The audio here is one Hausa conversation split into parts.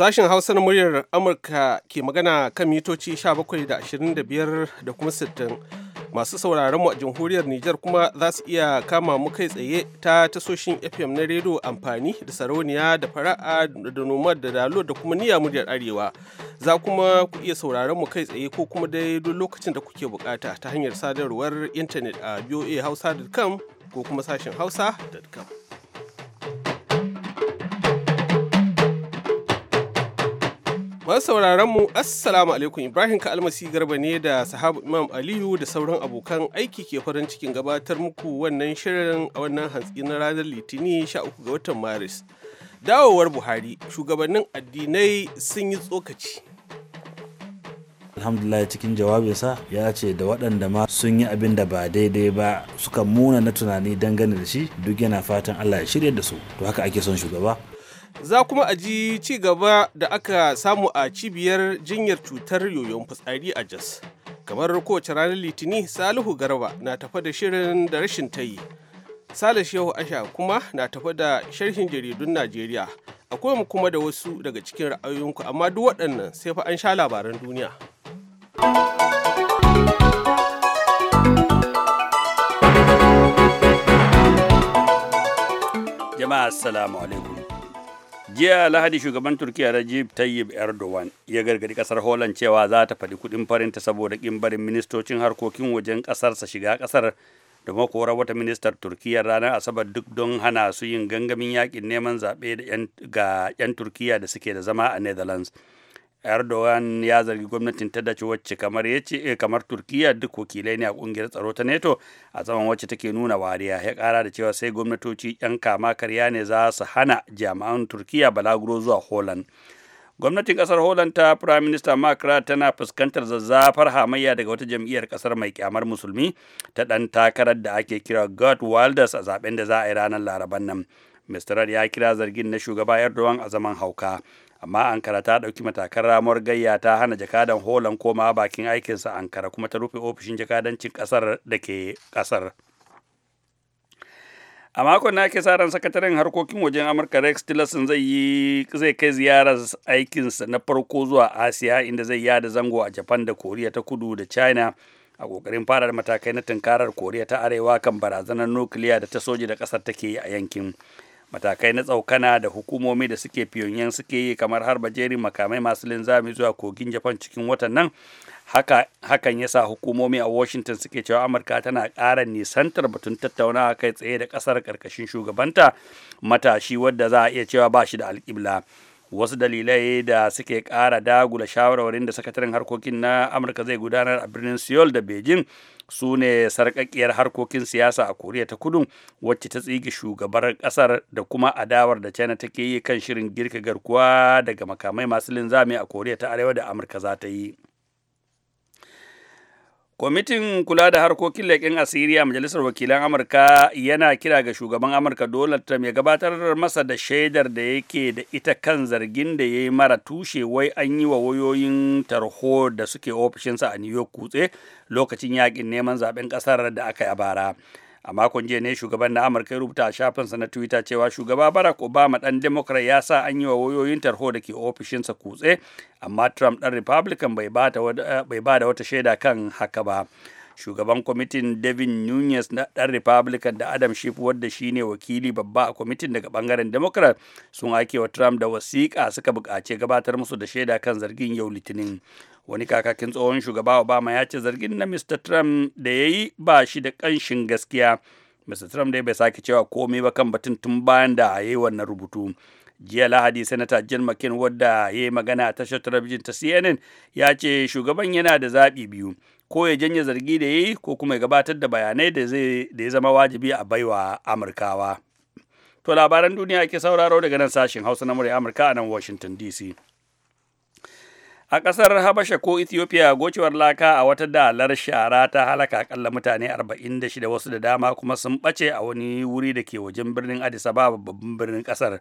Sashen Hausa na muryar Amurka ke magana kan mitoci 17 da 25 da kuma 60. Masu sauraron mu a jamhuriyar Nijar kuma za su iya kama mu kai tsaye ta tasoshin FM na rediyo amfani da sarauniya da fara'a da nomad da dalo da kuma niya muryar arewa. Za kuma ku iya sauraron mu kai tsaye ko kuma dai duk lokacin da kuke bukata ta hanyar sadarwar intanet a voahausa.com ko kuma sashen hausa.com. Masu sauraron mu Assalamu alaikum Ibrahim ka almasi garba ne da sahabu Imam Aliyu da sauran abokan aiki ke farin cikin gabatar muku wannan shirin a wannan hantsi na ranar Litini 13 ga watan Maris. Dawowar Buhari shugabannin addinai sun yi tsokaci. alhamdulillah cikin jawabinsa ya ce da waɗanda ma sun yi abin da ba daidai ba suka muna na tunani dangane da shi duk yana fatan allah ya shirya da su to haka ake son shugaba Za kuma a ji ci gaba da aka samu a cibiyar jinyar cutar yoyon fitsari a jaz. Kamar kowace ranar Litini, Salihu Garba na tafa da shirin da rashin tayi. Sale Shehu Asha kuma na tafa da sharhin jaridun Najeriya. Akwai mu kuma da wasu daga cikin ra'ayoyinku amma duk waɗannan sai fa an sha labaran duniya. Jama'a assalamu alaikum. jiya lahadi shugaban turkiya rajib tayyib erdogan ya gargadi kasar holland cewa za ta faɗi kuɗin farinta saboda ƙimbarin ministocin harkokin wajen ƙasarsa shiga ƙasar da makorar wata ministar turkiya ranar asabar duk don hana su yin gangamin yakin neman zaɓe ga 'yan turkiya da suke da zama a netherlands erdogan ya zargi gwamnatin ta dace wacce kamar ya ce eh, kamar turkiya duk wakilai ne a kungiyar tsaro ta nato a zaman wacce take nuna wariya ya kara da cewa sai gwamnatoci yan kama karya ne za su hana jami'an turkiya balaguro zuwa holland gwamnatin kasar holland ta prime minister mark tana fuskantar zazzafar hamayya daga wata jam'iyyar kasar mai kyamar musulmi ta dan takarar da ake kira god wilders a zaben da za a yi ranar laraban nan mr ya kira zargin na shugaba erdogan a zaman hauka amma ankara ta ɗauki matakan ramuwar gayya ta hana jakadan holan koma bakin aikinsa ankara kuma ta rufe ofishin jakadancin ƙasar da ke ƙasar a makon na ake sa ran sakataren harkokin wajen amurka rex tillerson zai yi zai kai ziyarar aikinsa na farko zuwa asiya inda zai yada zango a japan da koriya ta kudu da china a kokarin fara matakai na tunkarar koriya ta arewa kan barazanar nukiliya da ta soji da ƙasar take yi a yankin matakai na tsaukana da hukumomi da suke fiyonyen suke yi kamar harba jerin makamai masu linzami zuwa kogin japan cikin watan nan hakan ya sa hukumomi a washington suke cewa amurka tana ƙara nisantar batun tattaunawa kai tsaye da ƙasar ƙarƙashin shugabanta matashi wadda za a iya cewa ba shi da alƙibla wasu dalilai da suke ƙara dagula shawarwarin da sakataren harkokin na amurka zai gudanar a birnin seoul da beijing su ne sarƙaƙiyar harkokin siyasa a koriya ta kudu wacce ta tsige shugabar ƙasar da kuma adawar da china take yi kan shirin girka garkuwa daga makamai masu linzami a koriya ta arewa da amurka za ta yi Kwamitin kula da harkokin leƙin asiri a Majalisar Wakilan Amurka yana kira ga shugaban Amurka Donald Trump ya gabatar masa da shaidar da yake da ita kan zargin da ya yi mara tushe wai an yi wa wayoyin tarho da suke ofishinsa a New York kutse lokacin yaƙin neman zaɓen ƙasar da aka yi a bara. a makon jiya ne shugaban na amurka ya rubuta a shafin sa na twitter cewa shugaba barack obama dan democrat ya sa an yi wa wayoyin tarho da ke ofishinsa kutse amma trump dan republican bai ba da wata shaida kan haka ba shugaban kwamitin devin nunez na ɗan republican da adam schiff wadda shi ne wakili babba a kwamitin daga bangaren democrat sun ake wa trump da wasiƙa suka buƙace gabatar musu da shaida kan zargin yau litinin wani kakakin tsohon shugaba obama ya ce zargin na mr trump da ya yi ba shi da ƙanshin gaskiya mr trump dai bai sake cewa komai ba kan batun tun bayan da ya yi wannan rubutu jiya lahadi sanata jan makin wadda ya yi magana a tashar talabijin ta cnn ya ce shugaban yana da zaɓi biyu ko ya janye zargi da yi ko kuma ya gabatar da bayanai da ya zama wajibi a baiwa amurkawa to labaran duniya ke sauraro daga nan sashen hausa na murya amurka a nan washington dc A ƙasar Habasha ko Ethiopia gocewar laka a wata dalar shara ta halaka akalla mutane 46 wasu da dama kuma sun ɓace a wani wuri da ke wajen birnin Addis Ababa babban birnin ƙasar.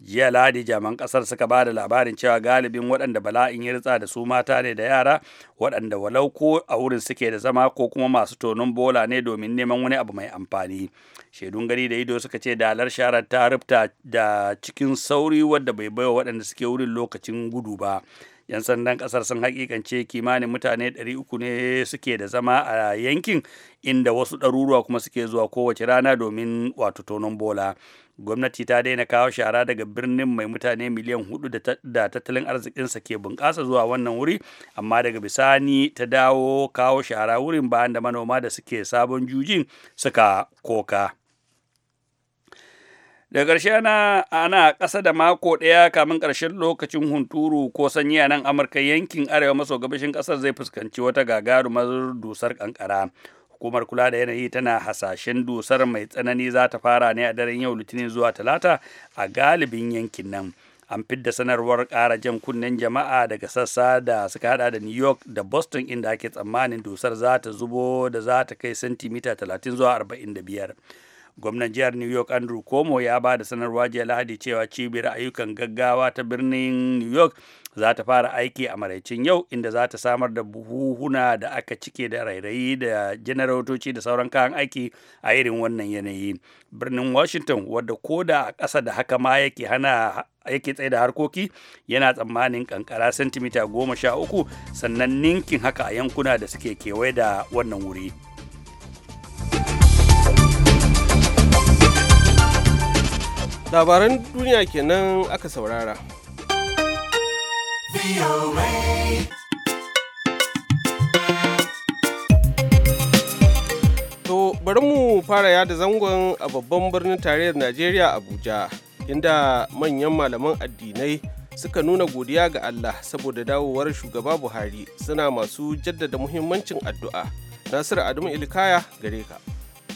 Jiya ladi jaman ƙasar suka ba da labarin cewa galibin waɗanda bala'in ya ritsa da su mata ne da yara waɗanda walau ko a wurin suke da zama ko kuma masu tonon bola ne domin neman wani abu mai amfani. Shaidun gari da ido suka ce dalar shara ta rubta da cikin sauri wadda bai baiwa waɗanda suke wurin lokacin gudu ba. 'yan sandan kasar sun hakikance kimanin mutane 300 ne suke da zama a yankin inda wasu ɗaruruwa kuma suke zuwa kowace rana domin wato tonon bola gwamnati ta daina kawo shara daga birnin mai mutane miliyan hudu da tattalin arzikinsa ke bunƙasa zuwa wannan wuri amma daga bisani ta dawo kawo shara wurin bayan da manoma da suke sabon jujin suka koka. da ƙarshe ana ana ƙasa da mako ɗaya kamin ƙarshen lokacin hunturu ko sanyi a nan amurka yankin arewa maso gabashin ƙasar zai fuskanci wata gagarumar dusar ƙanƙara hukumar kula da yanayi tana hasashen dusar mai tsanani za ta fara ne a daren yau litinin zuwa talata a galibin yankin nan an fidda sanarwar ƙara jan kunnen jama'a daga sassa da suka hada da new york da boston inda ake tsammanin dusar za ta zubo da za ta kai santimita talatin zuwa arba'in da biyar. gwamnan jihar new york andrew cuomo ya ba da sanarwa jiya lahadi cewa cibiyar ayyukan gaggawa ta birnin new york za ta fara aiki a maraicin yau inda za ta samar da buhuhuna da aka cike da rairayi da janarotoci da sauran kayan aiki a irin wannan yanayi birnin washington wadda koda a ƙasa da haka ma yake hana yake tsaye da harkoki yana tsammanin kankara sentimita goma sha uku sannan ninkin haka a yankuna da suke kewaye da wannan wuri. labaran duniya kenan aka saurara To bari mu fara yada zangon a babban birnin tarayyar Najeriya Abuja, inda manyan malaman addinai suka nuna godiya ga Allah saboda dawowar shugaba Buhari suna masu jaddada muhimmancin addu'a. Nasiru Adamu Ilkaya gare ka.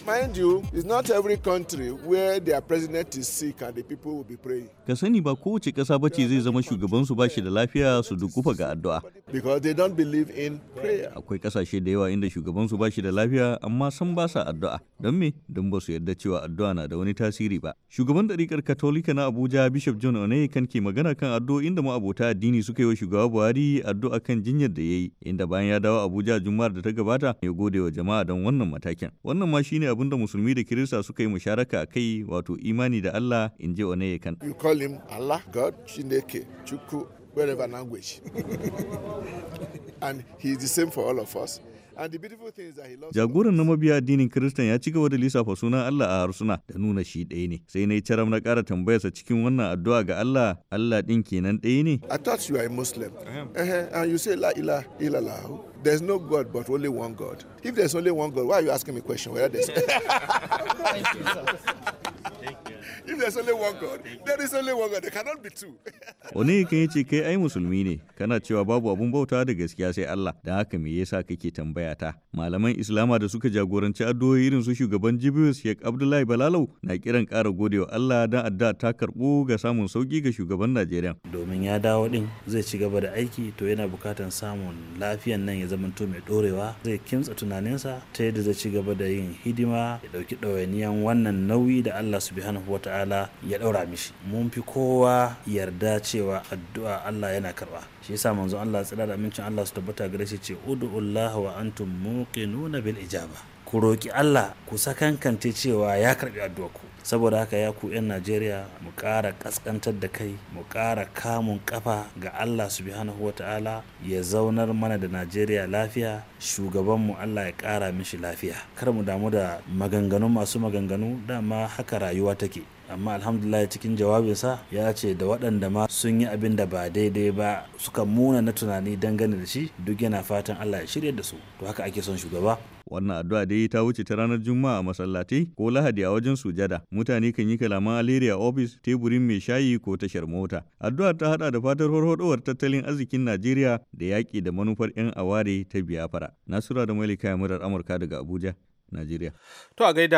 Mind you, it's not every country where their president is sick and the people will be praying. Ka sani ba kowace kasa ba ce zai zama shugaban su bashi da lafiya su dukufa ga addu'a. Because they don't believe in prayer. Akwai ƙasashe da yawa inda shugabansu su bashi da lafiya amma san ba sa addu'a. Don me? Don ba su yarda cewa addu'a na da wani tasiri ba. Shugaban ɗariƙar Katolika na Abuja Bishop John kan ke magana kan addu'o'in da ma'abota addini suka yi wa shugaba Buhari addu'a kan jinyar da ya yi, inda bayan ya dawo Abuja Juma'ar da ta gabata ya gode wa jama'a don wannan matakin. Wannan ma shine abinda musulmi da kirista suka yi musharaka a kai wato imani da Allah in je Oneye kan. You call him Allah, God, Chineke, Chukwu, wherever language. and he is the same for all of us. Jagoran na mabiya addinin Kiristan ya ci gaba da lissafa sunan Allah a harsuna da nuna shi ɗaya ne. Sai na yi caram na ƙara tambayarsa cikin wannan addu'a ga Allah, Allah ɗin kenan ɗaya ne. I thought you are a Muslim. Uh-huh. and you say la ila la there There's no God but only one God. If there's only one God, why are you asking me question? Whether is? If there's only one God, there is kai ai musulmi ne, kana cewa babu abun bauta da gaskiya sai Allah. Da haka me yasa kake tambaya ta? Malaman Islama da suka jagoranci addu'o'i irin su shugaban Jibril Sheikh Abdullahi Balalau na kiran ƙara godewa Allah don adda ta karɓo ga samun sauki ga shugaban Najeriya. Domin ya dawo din zai ci gaba da aiki to yana bukatan samun lafiyan nan ya zamanto mai dorewa zai kimtsa tunaninsa ta yadda zai ci gaba da yin hidima ya dauki ɗawainiyan wannan nauyi da Allah subhanahu wa ta'ala ta'ala ya ɗaura mishi mun fi kowa yarda cewa addu'a Allah yana karba shi yasa manzo Allah tsira da amincin Allah su tabbata gare shi ce ud'ullah wa antum muqinuna bil ijaba ku roki Allah ku sakankante cewa ya karbi ku saboda haka ya ku 'yan najeriya mu ƙara ƙasƙantar da kai mu ƙara kamun ƙafa ga allah subhanahu wa ta'ala ya zaunar mana da najeriya lafiya shugabanmu allah ya ƙara mishi lafiya kar mu damu da maganganu masu maganganu dama haka rayuwa take amma alhamdulillah cikin jawabinsa ya ce da waɗanda ma sun yi abin da ba daidai ba suka muna na tunani dangane da shi duk yana fatan Allah ya shirya da su to haka ake son shugaba wannan addu'a dai ta wuce ta ranar juma'a a masallatai ko lahadi a wajen sujada mutane kan yi kalaman alheri a ofis teburin mai shayi ko tashar mota addu'a ta hada da fatar horhodowar tattalin arzikin najeriya da yaƙi da manufar 'yan aware ta biyafara nasura da malika murar amurka daga abuja najeriya to a gaida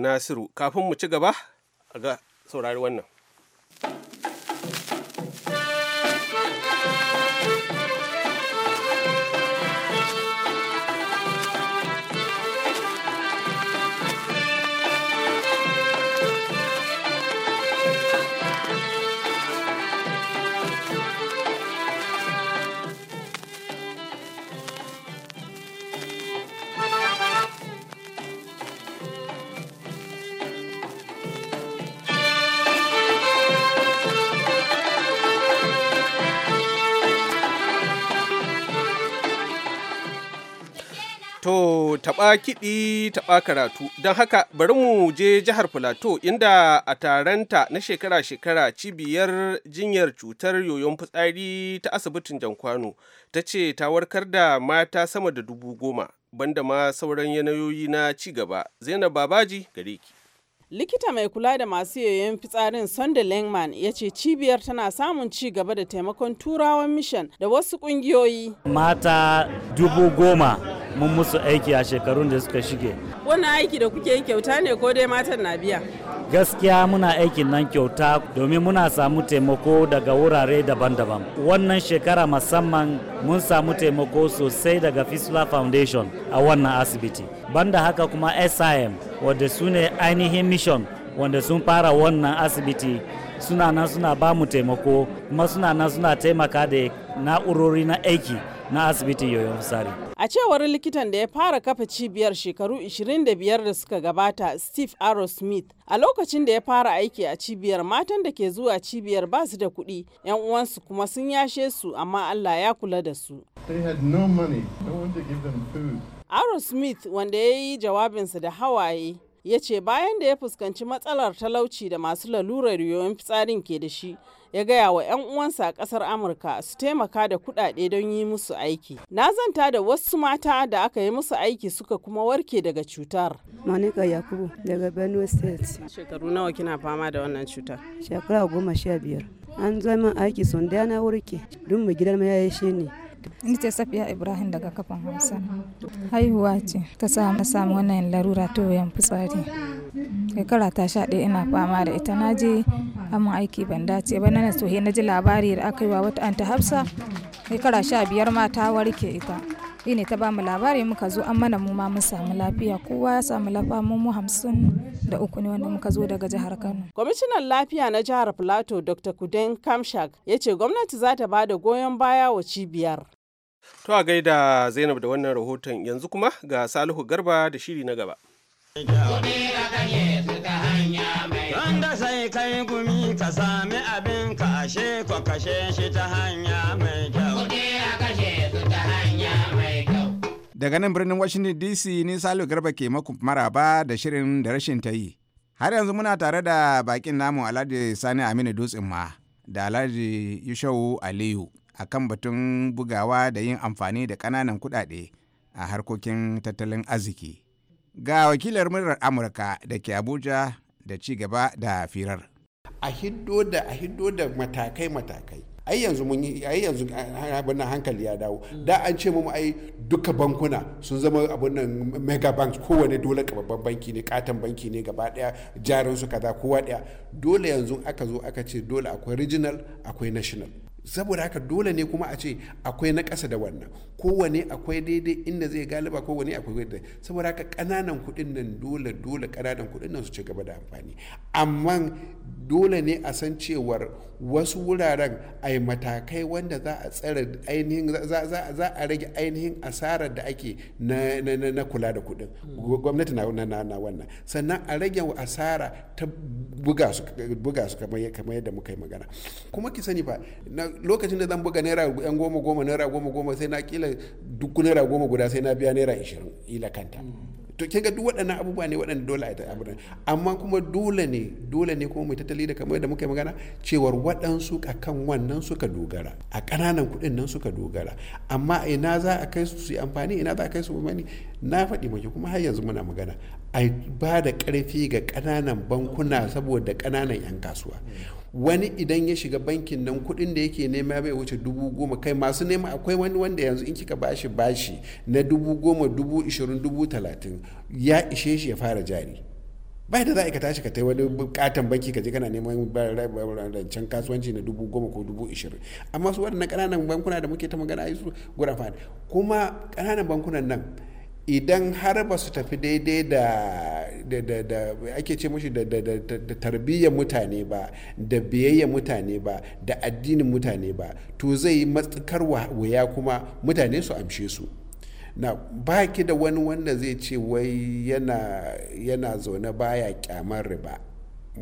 nasiru kafin mu ci gaba a ga saurari wannan To, taɓa kiɗi taɓa karatu. Don haka bari mu je jihar Filato inda a taronta na shekara-shekara cibiyar jinyar cutar yoyon fitsari ta asibitin Jankwano ta ce ta warkar da mata sama da dubu goma banda ma sauran yanayoyi na cigaba. Zainab Babaji gare ki. likita mai kula da masu yoyon fitsarin sunday langman ya ce cibiyar tana samun ci gaba da taimakon turawan mission da wasu kungiyoyi mata dubu goma mun musu aiki a shekarun da suka shige wannan aiki da kuke yi kyauta ne ko dai matan na biya gaskiya muna aikin nan kyauta domin muna samu taimako daga wurare daban-daban wannan shekara musamman mun samu taimako sosai daga fistula foundation a wannan asibiti banda haka kuma sim wadda su ne ainihin mission wanda sun fara wannan asibiti suna nan suna ba mu taimako kuma suna nan suna taimaka da na'urori na aiki na asibiti yoyon fusari. A cewar likitan da ya fara kafa cibiyar shekaru 25 da suka gabata Steve Arrow Smith, a lokacin da ya fara aiki a cibiyar matan da ke zuwa cibiyar ba su da kuɗi, 'yan uwansu kuma sun yashe su amma Allah ya kula da su. Arrow Smith wanda ya yi jawabinsa da hawaye ya ce bayan da ya fuskanci matsalar talauci da masu lalurar yoyon fitsarin ke da shi ya gaya wa 'yan uwansa a ƙasar amurka su taimaka da kuɗaɗe don yi musu aiki na zanta da wasu mata da aka yi musu aiki suka kuma warke daga cutar monica yakubu daga benue state shekaru nawa kina fama da wannan cutar shekara goma sha biyar an zama aiki sun na warke duk mu gidan ma ya yi shi ne Ni ce Safiya Ibrahim daga kafan hamsa Haihuwa ce ta samu wannan larura ta wayan fitsari. Shekara ta sha ɗaya ina fama da ita na je amma aiki ban dace ba na sohe na ji labari da aka yi wa wata anta Hafsa. Shekara sha biyar ma ta warke ita. Shi ne ta bamu labari muka zo an mana mu ma mun samu lafiya kowa ya samu lafa mu mu hamsin da uku ne wanda muka zo daga jihar Kano. Kwamishinan lafiya na jihar Plateau Dr. Kuden Kamshak ya ce gwamnati za ta ba goyon baya wa cibiyar. To a gaida Zainab da wannan rahoton yanzu kuma ga Salihu Garba da shiri na gaba. Wanda sai kai gumi ka sami abin kashe ko kashe shi ta hanya mai kyau. Daga nan birnin Washington DC ni Salihu Garba ke maku maraba da shirin da rashin ta yi. Har yanzu muna tare da bakin namu Alhaji Sani Aminu Dutsen ma da Alhaji Yushau Aliyu. a kan batun bugawa da yin amfani da ƙananan kuɗaɗe a harkokin tattalin arziki. Ga wakilar murar Amurka da ke Abuja da ci gaba da firar. A hiddo da a hiddo da matakai-matakai. ai yanzu mun yi ai yanzu abin hankali ya dawo da an ce mu ai duka bankuna sun zama abin nan mega banks kowane dole babban banki ne katon banki ne gaba daya jarin su kaza kowa daya dole yanzu aka zo aka ce dole akwai regional akwai national saboda haka dole ne kuma a ce akwai na ƙasa da wannan kowane akwai daidai inda zai galiba kowane akwai daidai saboda haka ƙananan kuɗin nan dole dole ƙananan kuɗin nan su ci gaba da amfani amma dole ne a san cewar wasu wuraren a yi matakai wanda za a tsare ainihin za a rage ainihin asarar da ake na kula da kuɗin gwamnati na wannan sannan a rage asara ta buga su kamar yadda muka yi magana kuma ki sani ba lokacin da zan buga naira yan goma goma naira goma goma sai na kila duk naira goma guda sai na biya naira ishirin ila kanta to kin ga duk waɗannan abubuwa ne waɗanda dole a ta amma kuma dole ne dole ne kuma mai tattali da kamar yadda muka yi magana cewar waɗansu a kan wannan suka dogara a ƙananan kuɗin nan suka dogara amma ina za a kai su su yi amfani ina za a kai su mani na faɗi maki kuma har yanzu muna magana a ba da ƙarfi ga ƙananan bankuna saboda ƙananan 'yan kasuwa wani idan ya shiga bankin nan kuɗin da yake nema bai wuce dubu goma kai masu nema akwai wani wanda yanzu in kika bashi bashi na dubu goma dubu ishirin dubu talatin ya ishe shi ya fara jari bai da za ka tashi ka ta wani bukatan banki ka je kana neman rancen kasuwanci na dubu goma ko dubu ishirin amma su waɗannan ƙananan bankuna da muke ta magana a yi su gurafa kuma ƙananan bankunan nan idan har ba su tafi daidai da ake ce mashi da tarbiyyar mutane ba da biyayyar mutane ba da addinin mutane ba to zai yi matsakar wuya kuma mutane su amshe su na ba ki da wani wanda zai ce wai yana zaune baya kyamar riba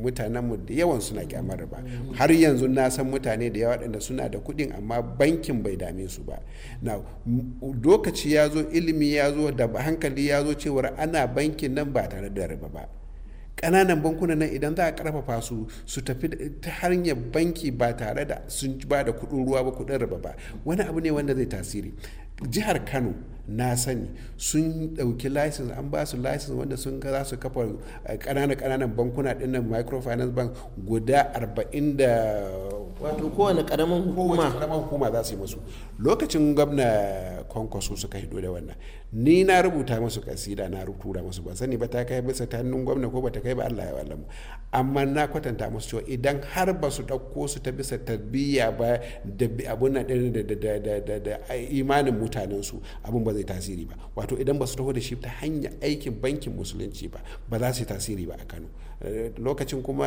mu da yawan suna kyamar riba har yanzu na san mutane da yawa waɗanda suna da kuɗin amma bankin bai dame su ba na lokaci ya zo ilimi ya zo da hankali ya zo cewar ana bankin nan ba tare da riba ba ƙananan bankuna nan idan za a ƙarfafa su su tafi ta hanyar banki ba tare da sun ba da kuɗin ruwa ba kuɗin riba ba wani abu ne wanda zai tasiri jihar kano na sani sun ɗauki license an ba su license wanda sun za su kafa eh, ƙananan kananan bankuna ɗinnan microfinance bank guda 40 da wato kowane ƙaramin hukuma karamin hukuma za su yi musu lokacin gwamna kwankwaso suka hido da wannan ni na rubuta musu kasida na rutura musu ba sani ba ta kai bisa ta hannun gwamna ko ba ta kai ba Allah ya wallamu amma na kwatanta musu cewa idan har ba su dauko su ta bisa tarbiyya ba da abun da imanin mutanensu abun ba zai tasiri ba wato idan basu taho da shi ta hanyar aikin bankin musulunci ba ba za su yi tasiri ba a kano eh, lokacin kuma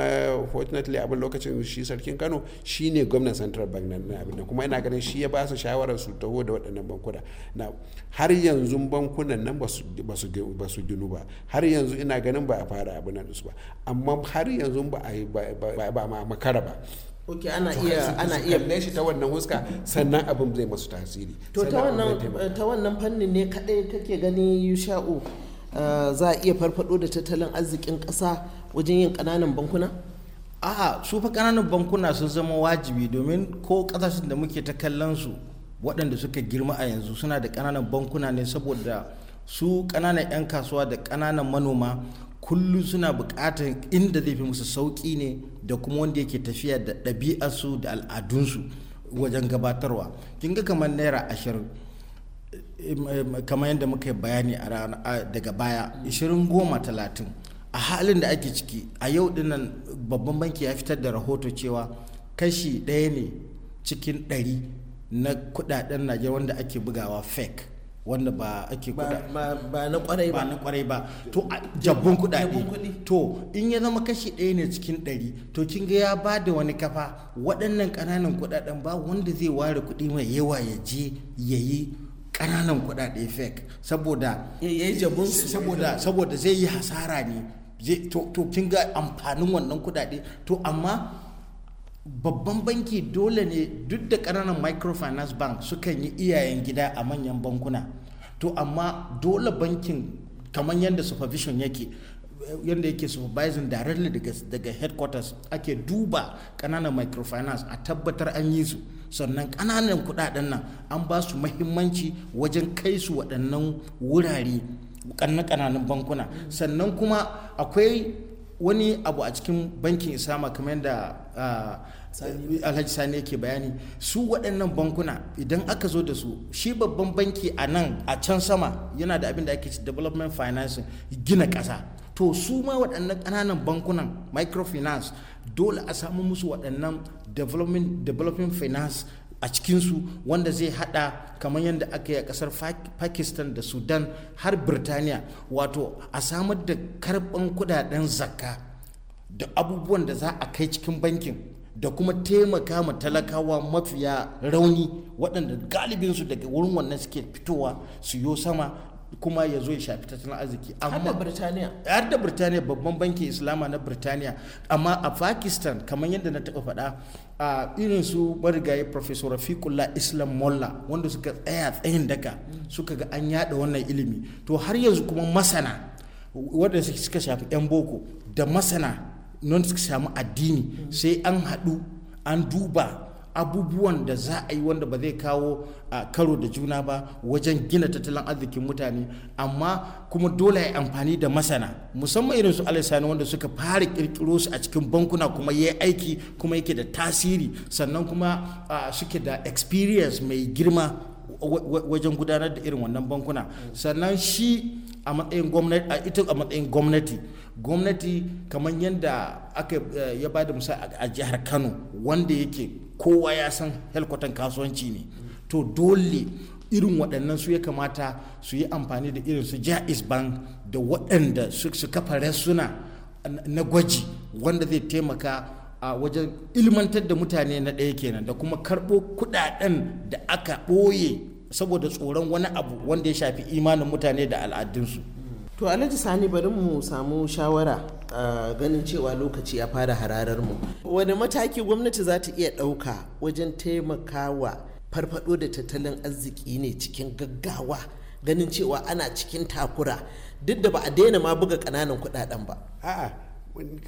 fortunately abin lokacin shi sarkin kano shi ne gwamnan central bank na abin kuma ina ganin shi ya ba su shawarar su taho da waɗannan bankuna na har yanzu bankunan nan ba su ginu ba har yanzu ina ganin ba a fara abin nan su ba amma har yanzu ba a makara ba ok ana iya ana iya kalle shi ta wannan huska sannan abin zai masu tasiri to ta wannan ta wannan fannin ne kadai kake gani yusha'u eh, za a iya farfado da tattalin arzikin kasa wajen yin kananan bankuna a'a su fa kananan bankuna sun zama wajibi domin ko kasashen da muke ta kallon su waɗanda suka girma a yanzu suna da kananan bankuna ne saboda su kananan 'yan kasuwa da kananan manoma kullum suna buƙatar inda zai fi musu sauƙi ne da kuma wanda yake tafiya da ɗabi'arsu da al'adunsu wajen gabatarwa kin ga kamar naira ashirin kamar yadda muka bayani daga baya ashirin goma talatin a halin da ake ciki a yau dinnan babban banki ya fitar da rahoto cewa kashi ɗaya ne cikin ɗari na kudaden najeriya wanda ake bugawa fake wanda ba ake kuɗa ba na kwarai ba na kwarai ba to jabbun kuɗaɗe to in ya zama kashi ɗaya ne cikin ɗari to kin ga ya ba da wani kafa waɗannan ƙananan kuɗaɗen ba wanda zai ware kuɗi mai yawa ya je ya yi ƙananan kuɗaɗe fake saboda yayi jabbun saboda saboda zai yi hasara ne to kin ga amfanin wannan kuɗaɗe to amma babban banki dole ne duk da ƙananan microfinance bank sukan yi iyayen gida a manyan bankuna to amma dole bankin kamar yadda supervision yake yadda yake supervising directly daga, headquarters ake duba ƙananan microfinance a tabbatar an yi su sannan ƙananan kuɗaɗen nan an ba su mahimmanci wajen kai su waɗannan wurare ƙananan bankuna sannan kuma akwai wani abu a cikin bankin isama kamar yadda ah, Eh, alhaji sani yake bayani su waɗannan bankuna idan aka zo da su shi babban banki a nan a can sama yana da abin da ake ci development financing gina ƙasa to su ma waɗannan ƙananan bankunan microfinance dole a samu musu waɗannan development finance a cikinsu wanda zai hada kamar yadda aka yi a kasar pakistan da sudan har birtaniya wato a samar da karɓan kudaden zakka da abubuwan da za a kai cikin bankin da kuma taimaka ma talakawa mafiya rauni waɗanda galibinsu daga wurin wannan suke fitowa su yo sama kuma ya zo ya shafi tattalin arziki amma Birtaniya har da Birtaniya babban bankin Islama na Birtaniya amma a Pakistan kamar yadda na taɓa faɗa a irin su marigayi Professor Rafiqullah Islam Molla wanda suka tsaya tsayin daka suka ga an yada wannan ilimi to har yanzu kuma masana waɗanda suka shafi 'yan boko da masana non suka samu addini sai an haɗu an duba abubuwan da za a yi wanda ba zai kawo a karo da juna ba wajen gina tattalin arzikin mutane amma kuma dole ya amfani da masana musamman irin su alisani wanda suka fara kirkiro su a cikin bankuna kuma ya aiki kuma yake da tasiri sannan kuma suke da experience mai girma wajen gudanar da irin wannan bankuna sannan shi a matsayin gwamnati a ita a matsayin gwamnati gwamnati kamar yadda aka eh, ya ba da musa a jihar kano wanda yake kowa ya san helkwatan kasuwanci ne to dole irin waɗannan su ya kamata su yi amfani da irin su jais bank da waɗanda su kafa resuna na gwaji wanda zai taimaka a wajen ilmantar da mutane na ɗaya kenan da kuma karɓo kuɗaɗen da aka ɓoye saboda tsoron wani abu wanda ya shafi imanin mutane da al'adunsu to alhaji sani bari mu samu shawara ganin cewa lokaci ya fara hararar mu wani mataki gwamnati za ta iya ɗauka wajen taimakawa farfado da tattalin arziki ne cikin gaggawa ganin cewa ana cikin takura duk da ba a daina ma buga ƙananan kuɗaɗen ba a'a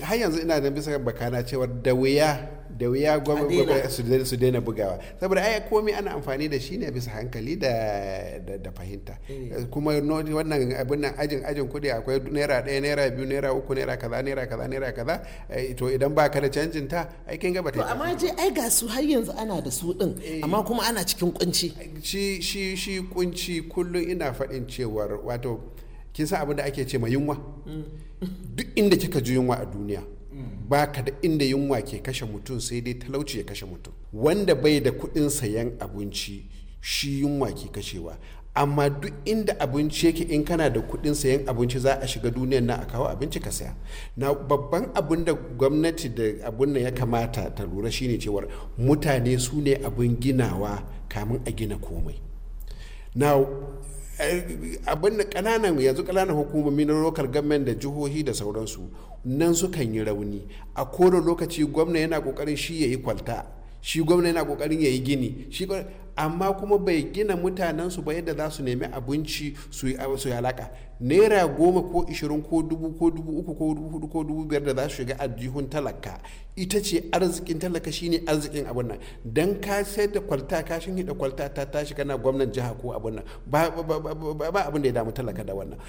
har yanzu ina da bisa bakana cewa da wuya da wuya gwamnati su daina bugawa saboda ai komai ana amfani da shi ne bisa hankali da fahimta eh. kuma wannan abin nan ajin ajin kuɗi akwai naira ɗaya naira biyu naira uku naira kaza naira kaza naira kaza eh, to idan baka da canjin ta ai kin ga ta amma je ai ga su har yanzu ana da su din eh. amma kuma ana cikin kunci shi shi kunci kullum ina faɗin cewar wato kin san abin da ake ce ma yunwa duk inda kika ji yunwa a duniya baka da inda yunwa ke kashe mutum sai dai talauci ya kashe mutum wanda bai da kuɗin sayan abinci shi yunwa ke kashewa amma duk inda abinci yake in kana da kuɗin sayan abinci za a shiga duniyar na a kawo abinci ka saya na babban abin da gwamnati da abin ya kamata ta lura shine cewar mutane su ne abin ginawa kamun a gina komai na abin kananan yanzu kananan hukumomi na local government da jihohi da sauransu nan sukan yi rauni a kowane lokaci gwamna yana kokarin shi ya yi kwalta shi gwamna yana kokarin ya yi gini shi amma kuma bai gina mutanensu ba yadda za su nemi abinci su yi alaka naira goma ko ishirin ko dubu ko dubu uku ko dubu hudu ko dubu biyar da za su shiga aljihun talaka ita ce arzikin talaka shine arzikin abun nan dan ka sai da kwalta ka shin hida kwalta ta tashi kana gwamnan jiha ko abun nan ba abin da ya damu talaka da wannan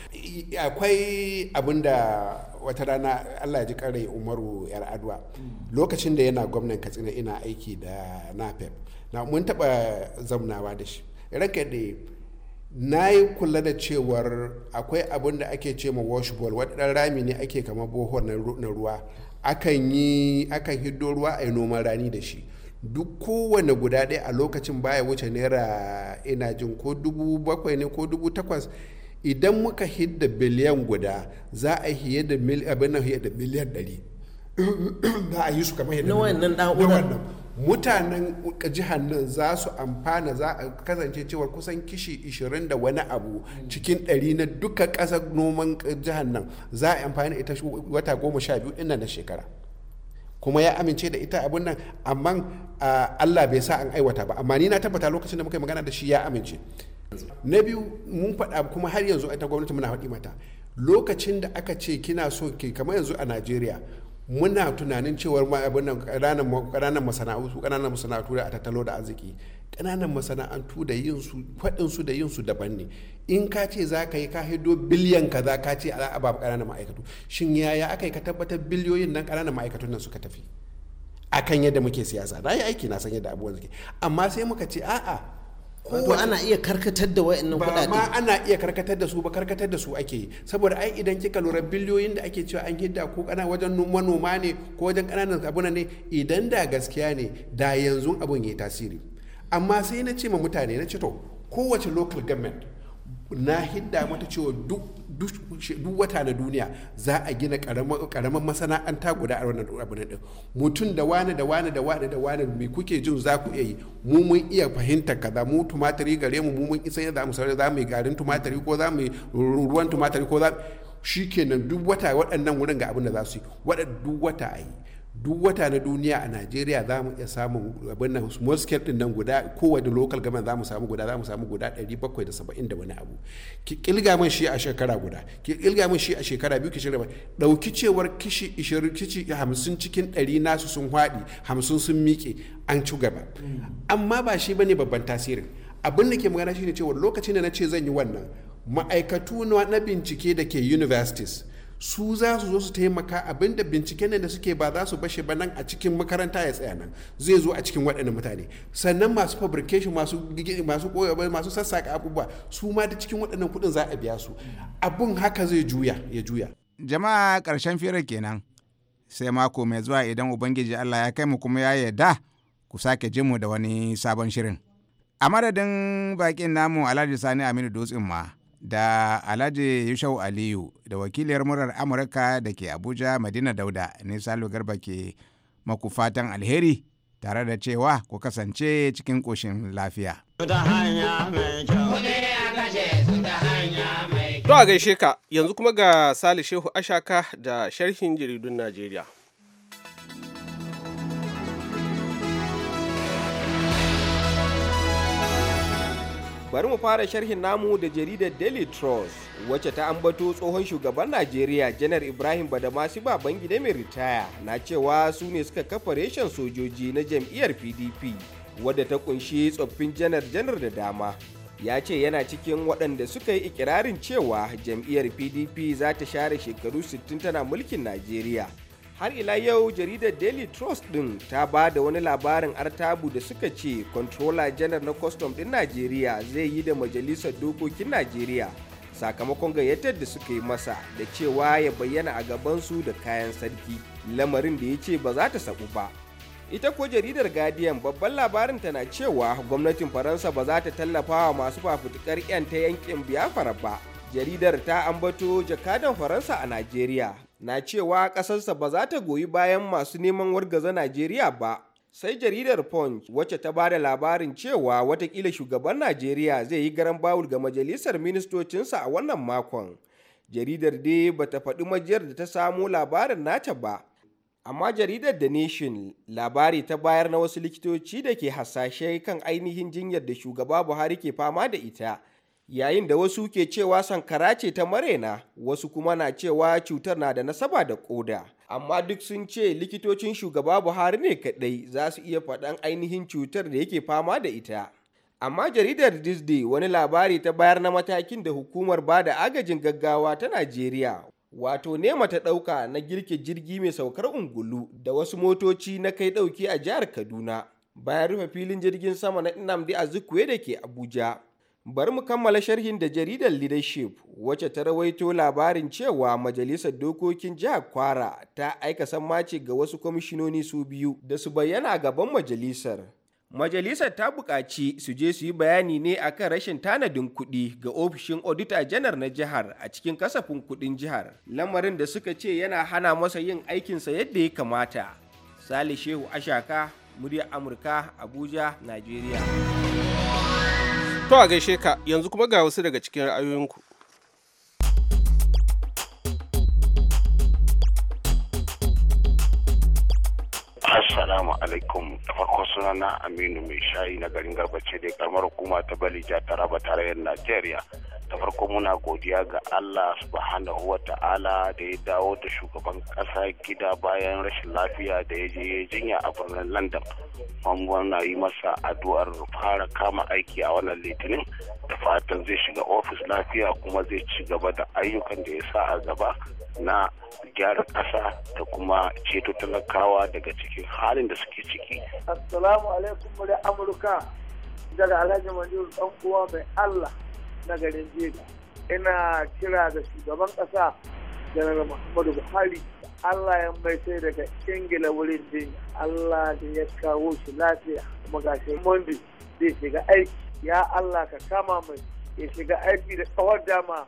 akwai abin da wata rana Allah ya ji karai Umaru yar Adwa mm. lokacin da yana gwamnan Katsina ina aiki da NAPEP na mun taɓa zaunawa da shi ranka da na yi kula da cewar akwai abin da ake ce ma wadda ɗan rami ne ake kama bohol na ruwa akan yi akan hiddo ruwa a yi noman rani da shi duk kowane guda ɗaya a lokacin baya wuce naira ina jin ko dubu bakwai ne ko dubu takwas idan muka hidda biliyan guda za a yi da abin nan da biliyan ɗari za a yi su kamar hidda na wannan mutanen jihar nan za su amfana za a kasance cewa kusan kishi 20 da wani abu cikin ɗari na duka ƙasar noman jihar nan za a amfani ita wata goma sha biyu ina na shekara kuma ya amince da ita abun nan amma Allah bai sa an aiwata ba amma ni na tabbata lokacin da muka yi magana da shi ya amince na biyu mun faɗa kuma har yanzu ita gwamnati muna faɗi mata lokacin da aka ce kina so ke kamar yanzu a najeriya muna tunanin cewar ma abin nan ƙananan masana'antu ƙananan masana'antu da a tattalo da arziki ƙananan masana'antu da yin su su da yin su daban ne in ka ce za ka yi ka haido biliyan ka za ka ce a ba ƙananan ma'aikatu shin yaya aka yi ka tabbatar biliyoyin nan ƙananan ma'aikatun nan suka tafi akan yadda muke siyasa na yi aiki na san yadda abubuwan suke amma sai muka ce a'a ko ana iya karkatar da wayannan kuɗaɗe ba ma ana iya karkatar da su ba karkatar da su ake yi saboda ai idan kika lura biliyoyin da ake cewa an hidda ko kana wajen manoma ne ko wajen kananan abuna ne idan da gaskiya ne da yanzu abun yayi tasiri amma sai na ce ma mutane na ce to kowace local government na hidda mata cewa duk wata na duniya za a gina karamar masana'anta guda a wannan abin din mutum da wani da wani da wani da wani me kuke jin za ku iya yi mu mun iya ka kaza mu tumatiri gare mu mu mun isa yadda mu sauri za mu yi garin tumatiri ko za mu yi ruwan tumatiri ko za shikenan duk wata waɗannan wurin ga abin da za su yi waɗanda duk wata a yi duk wata na duniya a najeriya za mu iya samun abin nan small scale din nan guda kowane local government za mu samu guda za mu samu guda 770 da wani abu ki kilga mun shi a shekara guda ki kilga mun shi a shekara biyu ki shirya dauki cewar kishi 20 kishi 50 cikin 100 nasu sun hwadi 50 sun miƙe an ci gaba amma ba shi bane babban tasirin abin da ke magana shine cewa lokacin da na ce zan yi wannan ma'aikatu na bincike da ke universities su za su zo su taimaka abinda bincike ne da suke ba za su bashe ba nan a cikin makaranta ya tsaya nan zai zo a cikin waɗannan mutane sannan masu fabrication masu masu masu sassaƙa abubuwa su ma da cikin waɗannan kuɗin za a biya su abun haka zai juya ya juya jama'a karshen fira kenan sai mako mai zuwa idan ubangiji Allah ya kai mu kuma ya yarda ku sake ji mu da wani sabon shirin a madadin bakin namu Alhaji Sani Aminu Dutsin ma da Alhaji Yushau Aliyu da wakiliyar murar amurka da ke abuja madina dauda ne salo garba ke maku fatan alheri tare da cewa ku kasance cikin ƙoshin lafiya To a gaishe ka yanzu kuma ga Sale Ashaka da sharhin jaridun Najeriya. bari mu fara sharhin namu da jaridar daily trust wacce ta ambato tsohon shugaban najeriya janar ibrahim badamasi gida mai ritaya na cewa su ne suka kafa reshen sojoji na jam'iyyar pdp wadda ta kunshi tsoffin janar janar da dama ya ce yana cikin waɗanda suka yi ikirarin cewa jam'iyyar pdp za ta share shekaru 60 tana mulkin najeriya har ila yau jaridar daily trust din ta ba da wani labarin artabu da suka ce controller janar na custom din najeriya zai yi da majalisar dokokin najeriya sakamakon gayyatar da suka yi masa da cewa ya bayyana a gabansu da kayan sarki lamarin da ya ce ba za ta sabu ba ita ko jaridar guardian babban labarin ta na cewa gwamnatin faransa ba za ta tallafa wa masu fafutukar 'yan ta yankin biyafar ba jaridar ta ambato jakadan faransa a najeriya na cewa ƙasarsa ba za ta goyi bayan masu neman wargaza Najeriya ba. Sai jaridar Punch wacce ta ba da labarin cewa watakila shugaban Najeriya zai yi garan bawul ga majalisar ministocinsa a wannan makon. Jaridar dai ba ta faɗi majiyar da ta samo labarin nata ba. Amma jaridar The Nation labari ta bayar na wasu likitoci da ke hasashe kan ainihin jinyar da shugaba Buhari ke fama da ita. yayin da wasu ke cewa sankara ce ta marena wasu kuma na cewa cutar na da nasaba da koda amma duk sun ce likitocin shugaba buhari ne kadai za su iya faɗan ainihin cutar da yake fama da ita amma jaridar disney wani labari ta bayar na matakin da hukumar ba da agajin gaggawa ta najeriya wato nema ta ɗauka na girke jirgi mai saukar ungulu da wasu motoci na kai ɗauki a jihar kaduna bayan rufe filin jirgin sama na nnamdi azikwe da ke abuja Bari mu kammala sharhin da jaridar Leadership wacce ta rawaito labarin cewa Majalisar Dokokin Jihar Kwara ta aika sammaci ga wasu kwamishinoni su biyu da su bayyana gaban majalisar. Majalisar ta buƙaci su je su yi bayani ne akan rashin tanadin kuɗi ga ofishin Odita janar na jihar a cikin kasafin kuɗin jihar, lamarin da suka ce yana hana masa yin aikinsa yadda ya kamata. Sale Shehu Ashaka, muryar Amurka, Abuja, Najeriya. To a gaishe ka yanzu kuma ga wasu daga cikin ra'ayoyinku. Assalamu alaikum da farko sunana Aminu mai shayi na garin garbace da karamar hukuma ta Balija ta raba tarayyar Najeriya. da farko muna godiya ga Allah subhanahu wa ta'ala da ya dawo da shugaban kasa gida bayan rashin lafiya da ya je jinya a birnin London. na yi masa addu'ar fara kama aiki a wannan litinin da fatan zai shiga ofis lafiya kuma zai ci gaba da ayyukan da ya sa a gaba na gyara ƙasa da kuma ceto talakawa daga cikin halin da suke ciki. Assalamu alaikum da Amurka daga Alhaji Maniru ɗan uwa mai Allah. na garin Jega. Ina kira da shugaban ƙasa Janar Muhammadu Buhari Allah ya mai sai daga Ingila wurin jinya. Allah da ya kawo shi lafiya kuma shi mondi zai shiga aiki. Ya Allah ka kama mai ya shiga aiki da tsawar dama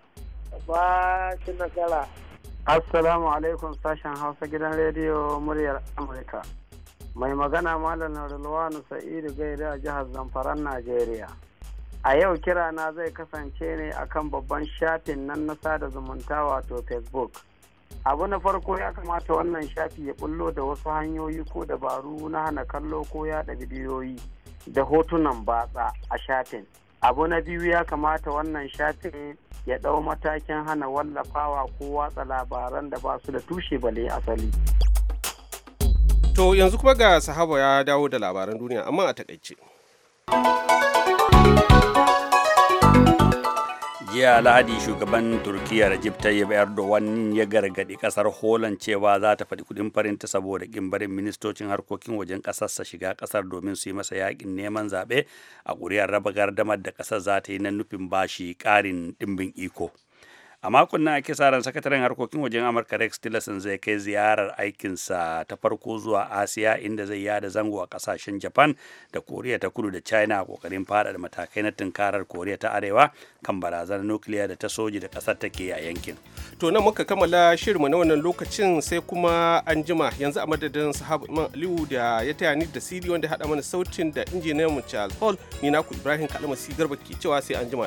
ba shi nasara. Assalamu alaikum sashen Hausa gidan rediyo muryar Amurka. Mai magana Malam Rilwanu Sa'idu Gaida a jihar Zamfaran Najeriya. a yau kirana zai kasance ne akan babban shafin nan na sada zumunta wato facebook abu na farko ya kamata wannan shafi ya bullo da wasu hanyoyi ko dabaru na hana kallo ko yada bidiyoyi da hotunan batsa a shafin abu na biyu ya kamata wannan shafin ya dau matakin hana wallafawa ko watsa labaran da ba su da tushe bale asali to yanzu kuma ga sahaba ya dawo da labaran duniya amma a takaice. jiya lahadi shugaban turkiyya rajib tayyip erdogan ya gargaɗi ƙasar holan cewa za ta faɗi kuɗin farinta saboda barin ministocin harkokin wajen ƙasarsa shiga ƙasar domin su yi masa yaƙin neman zaɓe a ƙuri'ar raba gardamar da ƙasar za ta yi na nufin bashi ƙarin ɗimbin iko a makon nan ake sa ran sakataren harkokin wajen amurka rex tillerson zai kai ziyarar aikinsa ta farko zuwa asiya inda zai yada zango a kasashen japan da koriya ta kudu da china a kokarin da matakai na tunkarar koriya ta arewa kan barazanar nukiliya da ta soji da kasar take a yankin to nan muka kammala shirinmu na wannan lokacin sai kuma an jima yanzu a madadin sahabu imam aliyu da ya taya ni da cd wanda haɗa mana sautin da injiniyan mu charles hall ni naku ibrahim kalamasi garba ke cewa sai an jima